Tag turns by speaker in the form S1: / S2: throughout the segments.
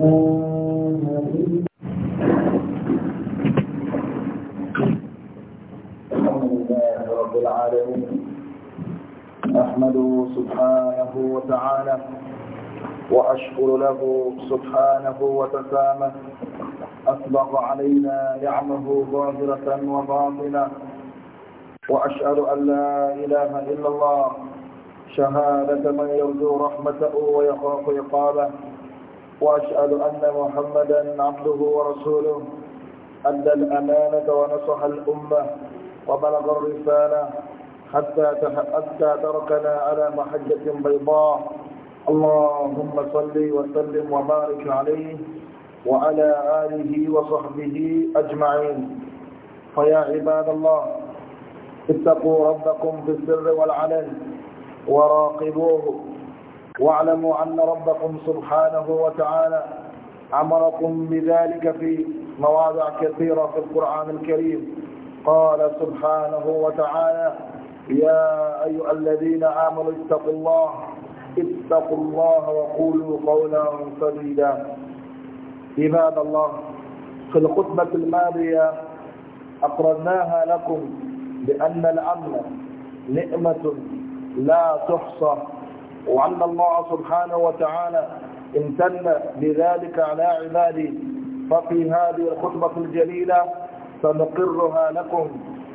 S1: الحمد لله رب العالمين أحمده سبحانه وتعالى وأشكر له سبحانه وتسامه أطلق علينا نعمه ظاهرة وباطنة وأشهد أن لا إله إلا الله شهادة من يرجو رحمته ويخاف عقابه وأشهد أن محمدا عبده ورسوله أدى الأمانة ونصح الأمة وبلغ الرسالة حتى حتى تركنا على محجة بيضاء اللهم صل وسلم وبارك عليه وعلى آله وصحبه أجمعين فيا عباد الله اتقوا ربكم في السر والعلن وراقبوه واعلموا أن ربكم سبحانه وتعالى أمركم بذلك في مواضع كثيرة في القرآن الكريم قال سبحانه وتعالى يا أيها الذين آمنوا اتقوا الله اتقوا الله وقولوا قولا سديدا عباد الله في الخطبة الماضية أقرناها لكم بأن الأمن نعمة لا تحصى وأن الله سبحانه وتعالى امتن بذلك على عباده ففي هذه الخطبة الجليلة سنقرها لكم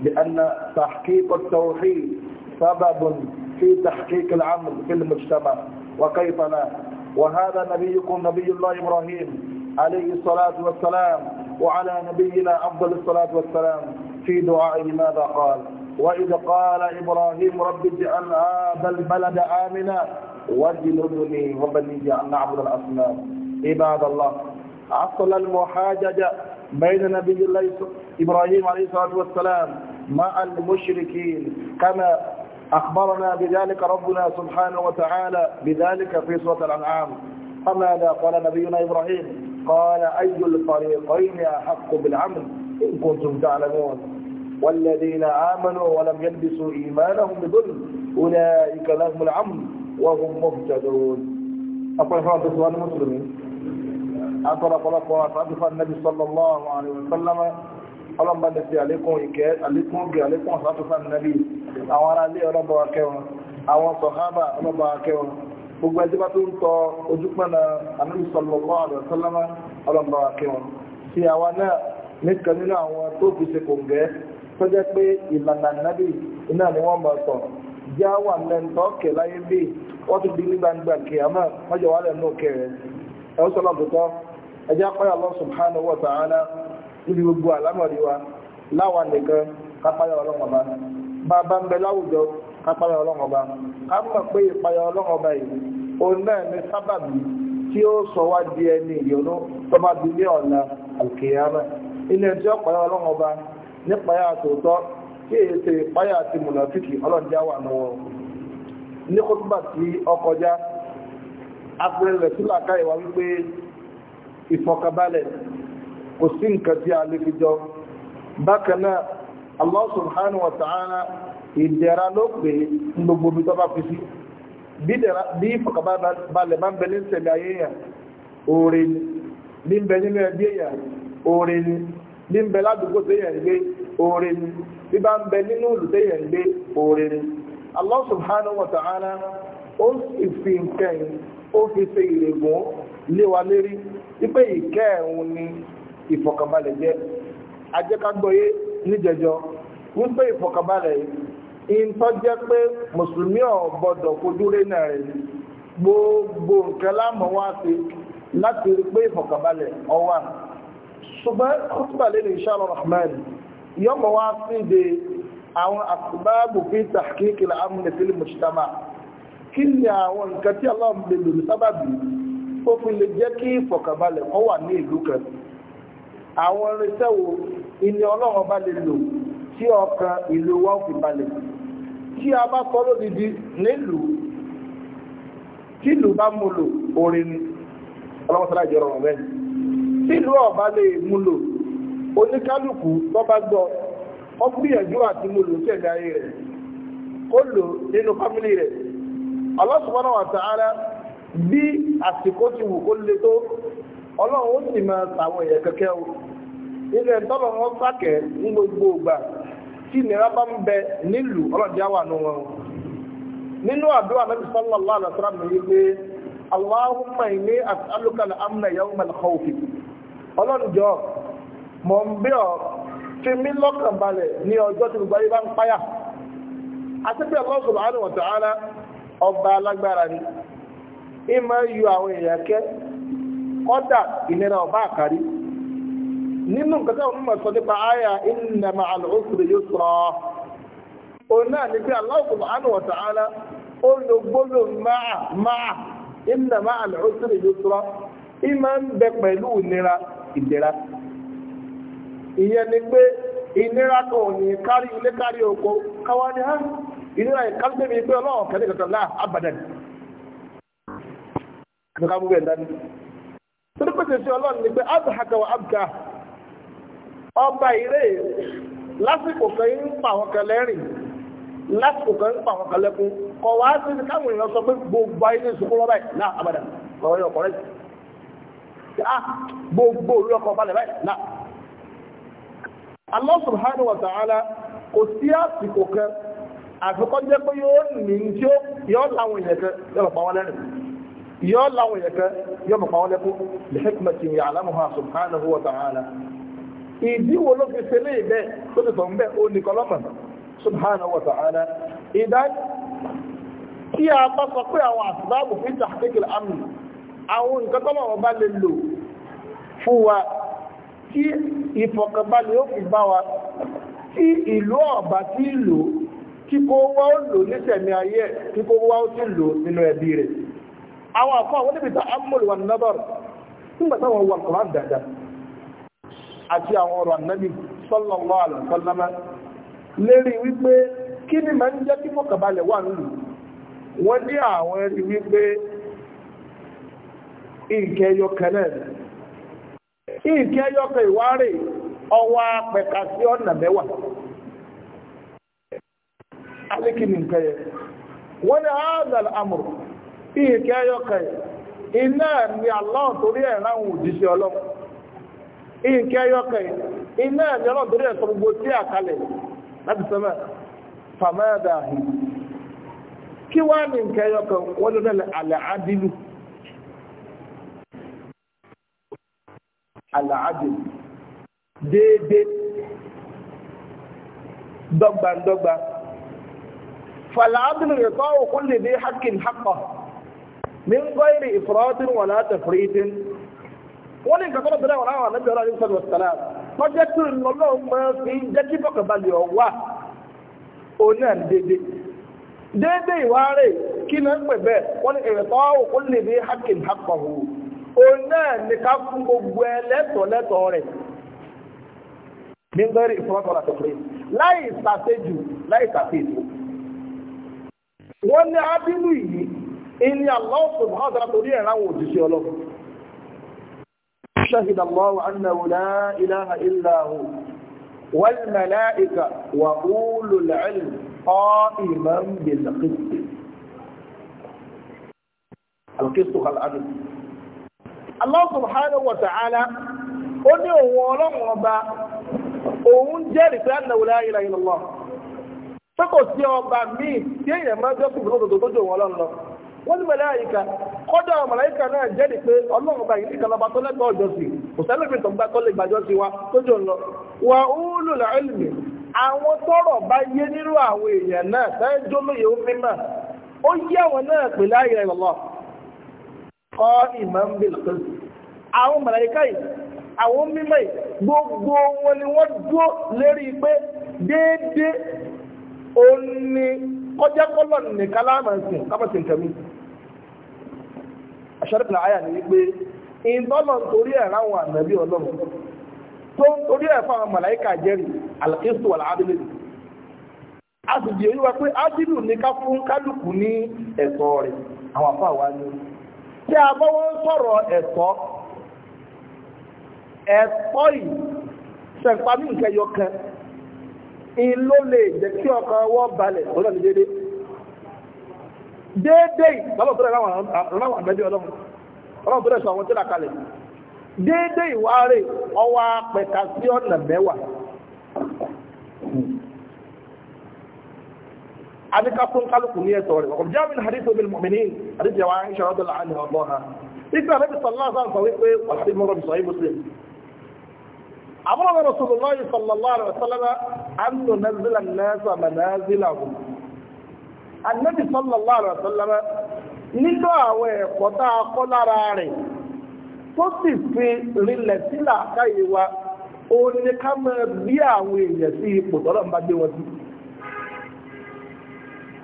S1: بأن تحقيق التوحيد سبب في تحقيق العمل في المجتمع وكيف لا وهذا نبيكم نبي الله إبراهيم عليه الصلاة والسلام وعلى نبينا أفضل الصلاة والسلام في دعائه ماذا قال وإذ قال إبراهيم رب اجعل هذا البلد آمنا واجنبني وبني أن نعبد الأصنام عباد الله أصل المحاججة بين نبي الله إبراهيم عليه الصلاة والسلام مع المشركين كما أخبرنا بذلك ربنا سبحانه وتعالى بذلك في سورة الأنعام فماذا قال نبينا إبراهيم قال أي الفريقين أحق بالعمل إن كنتم تعلمون والذين آمنوا ولم يلبسوا إيمانهم بظلم أولئك لهم الأمن وهم مهتدون أقول فرد سؤال المسلمين أطرق لك وأطرق النبي صلى الله عليه وسلم ọlọ́run bá lẹ́sẹ̀ àlékún ìkẹ́ àlékún ògì àlékún ọ̀sátúfà nàbí àwọn ará ilé ọlọ́bọ̀ akẹ́wọn àwọn sọ̀hábà ọlọ́bọ̀ akẹ́wọn gbogbo ẹjẹ́ bá tó ń tọ ojúpẹ́nà àmìsọ̀lọ́kọ́ tó jẹ́ pé ìlànà nábì iná ni wọ́n máa tọ̀ já wà lẹ́ńtọ́ kẹ̀ láyé bí wọ́n tún di nígbà nígbà kì àmọ́ wọ́n jẹ́ wà lẹ́nu òkè rẹ̀ ẹ ó sọ́nà òtútọ́ ẹ jẹ́ níbi gbogbo àlámọ̀rí wa nìkan kápáyà ọlọ́wọ́n bá bá bá ń bẹ láwùjọ kápáyà ọlọ́wọ́n bá ká mọ̀ pé ìpáyà ọlọ́wọ́n bá yìí òun náà sábàbí tí ó sọ wá di ẹni ìyọnú tó nípayà tòótọ́ kí èyí ṣe ìpayà ti mùnàfíkì ọlọ́jà wà nù wọn ní kótóbà tí ọkọjá apẹ̀rẹ̀ tí làkà ìwà wípé ìfọ̀kàbalẹ̀ kò sí nǹkan tí a lè fi jọ bákan náà Allah subhanahu wa ta'ala ìdẹ̀ra ló pè gbogbo bí tọ́bá fi sí bí ìfọ̀kàbalẹ̀ máa ń bẹ ní ìṣẹ̀lẹ̀ ayé yà oore ní bẹ nínú ẹbí bí ń bẹ ládùúgbò yẹ̀ ń gbé oore bí bá ń bẹ nínú tó yẹ̀ ń gbé oore ni Allah ó sì fi nǹkan ó fi ṣe ìrègùn lé wa lérí wípé ìkẹ́ ni ìfọ̀kànbalẹ̀ jẹ́ ajẹ́kágbọ́yé níjẹjọ wípé jẹ́ pé mùsùlùmí ò fojú rí náà rẹ̀ gbogbo nǹkan láàmú wá sí láti rí pé ìfọ̀kànbalẹ̀ ṣùgbọ́n kútùbà lè insha Allah rahman yọmọ wá sí de àwọn asbabu fi tahqiq al-amn fil mujtama kí ni àwọn nǹkan tí Allah lè lòlù sábàbí ó fi lè jẹ́ kí ìfọ̀kànbalẹ̀ kó wà ní ìlú kan àwọn irinṣẹ́ wo ilé ọlọ́run bá lè lò tí ọkàn ìlú wa fi balẹ̀ tí mú lò orin ọlọ́run sára ìjọra ọ̀rọ̀ mẹ́rin nílùú ọ̀bá lè múlò oníkálùkù tó bá gbọ́ ọ gbìyànjú àti múlò tẹ̀lé ayé rẹ̀ kó lò nínú rẹ̀ Allah subhanahu ara bí àsìkò ti wù kó lè tó ọlọ́run ó sì máa tàwọn èèyàn kẹ́kẹ́ o ilẹ̀ tọ́lọ̀ wọn sákẹ̀ ní gbogbo ìgbà tí ìnira bá ọlọ́njọ́ mọ̀ ń bí ọ fi mí lọ́kàn balẹ̀ ní ọjọ́ tí gbogbo ayé bá ń páyà àti pé Allah subhanahu wa ta'ala ọba alágbára ni ìmọ̀ yọ àwọn èèyàn kẹ́ kọ́dà ìnira ọba àkàrí nínú nǹkan ìdẹ̀ra ìyẹn ni pé ìnira kan ò ní kárí ilé kárí oko káwá ní hàn ìnira ìkárí débi pé ọlọ́run kẹ́lẹ́ kankan láà abadan kankan mú bẹ́ẹ̀ dání torí pé tètè ọlọ́run ni pé abdulhaka wa abdulka ọba ìrè lásìkò kan ń pa àwọn kan lẹ́rìn lásìkò kan ń pa àwọn kan lẹ́kún kọ̀ wá sí káwọn èèyàn sọ pé gbogbo ayé ní ìsìnkú lọ́bàá náà abadan lọ́wọ́ yóò kọ́rẹ́tì Ah, gbogbo orí ọkọ̀ balẹ̀ báyìí náà Allah subhanahu wa ta'ala kò sí àsìkò kan àfikọ́ jẹ́ pé yóò ní tí ó yọ́ láwọn ìyẹ̀kẹ́ yọ́ pa wọ́n lẹ́rìn yọ́ láwọn ìyẹ̀kẹ́ yọ́ pa wọ́n lẹ́kún lè hikmatin ya'lamuha subhanahu wa ta'ala ìdí wo ló fi ṣe kí a bá sọ pé àwọn àsìláàbù fi tàkìkì àmì àwọn nǹkan tọ́lọ̀ wọn bá lè lò fún wa tí ìfọ̀kànbalẹ̀ ó fi bá wa tí ìlú ọ̀bá tí lò kí kó wá ó lò nítẹ̀mí ayé kí kó wá ó sì lò nínú ẹbí rẹ̀ àwọn àfọ́ àwọn níbi tààmùlù wà nádọ́rọ̀ nígbà táwọn wà kọ̀rán dáadáa àti àwọn ọ̀rọ̀ lérí nǹkan ẹyọkẹ náà ni nǹkan ẹyọkẹ ìwárè ọwọ́ apẹ̀ka sí ọ̀nà aliki ni nǹkan ya, wọ́n ní haazal amur nǹkan ẹyọkẹ iná ni Allah torí ẹ̀ ráhùn òjíṣẹ́ ọlọ́run nǹkan ẹyọkẹ iná ni Allah torí ẹ̀ gbogbo tí láti kí al-adl déédé dọ́gbandọ́gba fal-adl i'ta'u kulli dhi haqqin haqqah min ghayri ifratin wala tafritin wọ́n ní ìkàkọ́ lọ́dọ̀ àwọn àwọn àlẹ́bẹ̀ẹ́ ọlọ́run sọ́dọ̀ sàlá tọ́jẹ́ tí lọ́lọ́run máa fi ń jẹ́ kí fọkànbalẹ̀ ọ̀wà òun náà déédé déédé ìwárè kí náà pẹ̀ bẹ́ẹ̀ wọ́n ní ìrẹ̀tọ́ òkú lè ní haqqin haqqahu òun náà ní ká fún gbogbo ẹ lẹ́tọ̀ọ́ lẹ́tọ̀ọ́ rẹ̀ nígbẹ́rì ìfọwọ́sọ̀rọ̀ àtọ̀kùnrin láì ṣàṣejù láì ṣàṣejù. wọ́n ní abínú yìí ilé aláwọ̀sùn máa dára torí ẹ̀rọ àwọn òjíṣẹ́ ọlọ́run. شهد الله أنه لا إله Allah subhanahu wa ta'ala ó ní òun ọlọ́run ọba òun jẹ́rìí pé ànàwó la ilaha illallah pé kò sí ọba míì tí èèyàn máa jẹ́ kùbùnú òdòdó tó jò wọn ọlọ́run lọ wọ́n ní màláíkà kọ́dà àwọn màláíkà náà jẹ́rìí pé ọlọ́run ọba yìí nìkan lọ́ba tó lẹ́gbẹ̀ẹ́ ọjọ́ sí kò sẹ́lẹ̀mí tó gbá tó lè gbàjọ́ sí kọ́ ìmọ̀ǹbìlì kan àwọn màláíkà yìí àwọn gbogbo wọn ni wọ́n dúró lérí pé déédéé òun ni kọjá kọlọ̀ nìkan láàmàsìn kábàsìn kẹmí na àyà ni wípé ìbọ́lọ̀ torí ẹ̀ ráwọn ànábì ọlọ́run tó ń torí ẹ̀ malaika jeri jẹ́rìí a pé ní ká fún ní ẹ̀tọ́ rẹ̀ àwọn àfáà wá ní tí a bá wọ́n sọ̀rọ̀ ẹ̀tọ́ ẹ̀tọ́ yìí ṣẹ̀pámí nǹkan yọ kan in ló lè jẹ́ kí ọkàn wọ́n balẹ̀ ọ̀nà ní dédé dédé bàbá òfin àwọn àwọn àgbẹ̀dẹ ọlọ́run ọlọ́run tó dẹ̀ sọ àwọn tó dà kalẹ̀ dédé ìwárè ọwọ́ apẹ̀ka sí ọ̀nà mẹ́wàá àbí ká fún kálukú ní ẹ̀tọ́ rẹ̀ ọkọ̀ jáàmì hadith omi mọ̀mìnì àdìsí àwọn àyíṣà ọdọ̀ láàánú ọgbọ́ ha ìgbà àbẹ́bí sọ̀lá sáà sọ wípé wàhálì mọ́rọ̀ bí sọ̀yí muslim àbúrò bẹ̀rẹ̀ sọ̀lọ́lá yìí sọ̀lọ́lá rẹ̀ sọ̀lọ́lá annu nazila nasa manazila hù annabi sọ̀lọ́lá rẹ̀ sọ̀lọ́lá nínú àwọn ẹ̀kọ́ tá a kọ́ lára rẹ̀ tó fi rinlẹ̀ sílà káyé wa ni ká máa bí àwọn èèyàn sí ipò tọ́lọ́ ń bá gbé wọn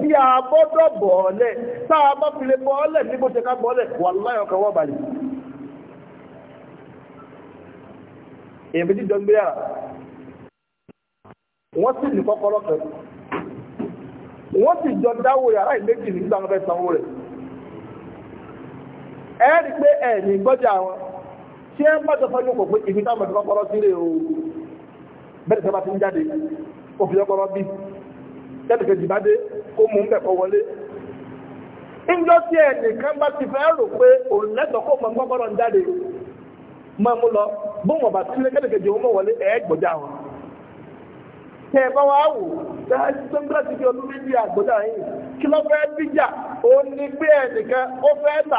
S1: tí a bọ́dọ̀ bọ̀ọ́lẹ̀ tá a bá fi lè bọ́ọ́lẹ̀ ní bó ṣe ká bọ́ọ́lẹ̀ wà láyọ̀ kan wọ́n balẹ̀. èèyàn méjì jọ ń gbé yàrá wọ́n sì ní kọ́kọ́rọ́ kan wọ́n sì jọ dáwó yàrá ìméjì nígbà wọn sanwó rẹ̀ ẹ rí pé ẹ ní gbọ́jà wọn tí ẹ ń o bẹ́ẹ̀ ni sábà ti ń jáde òfin tẹ́lẹ̀kejì bá dé kó mú un bẹ̀ kọ́ wọlé ìjọ tí ẹnìkan bá ti fẹ́ rò pé òun lẹ́tọ̀ọ́ kó mọ gbọ́gbọ́rọ̀ ń jáde máa mú lọ bóun ọ̀bà tí ilé kẹ́lẹ̀kejì òun mọ̀ wọlé ẹ̀ gbọ́jà wọn tẹ́ ẹ bá wá wò dájú tó ń bẹ̀rẹ̀ sí fi ọdún méjì àgbọ́jà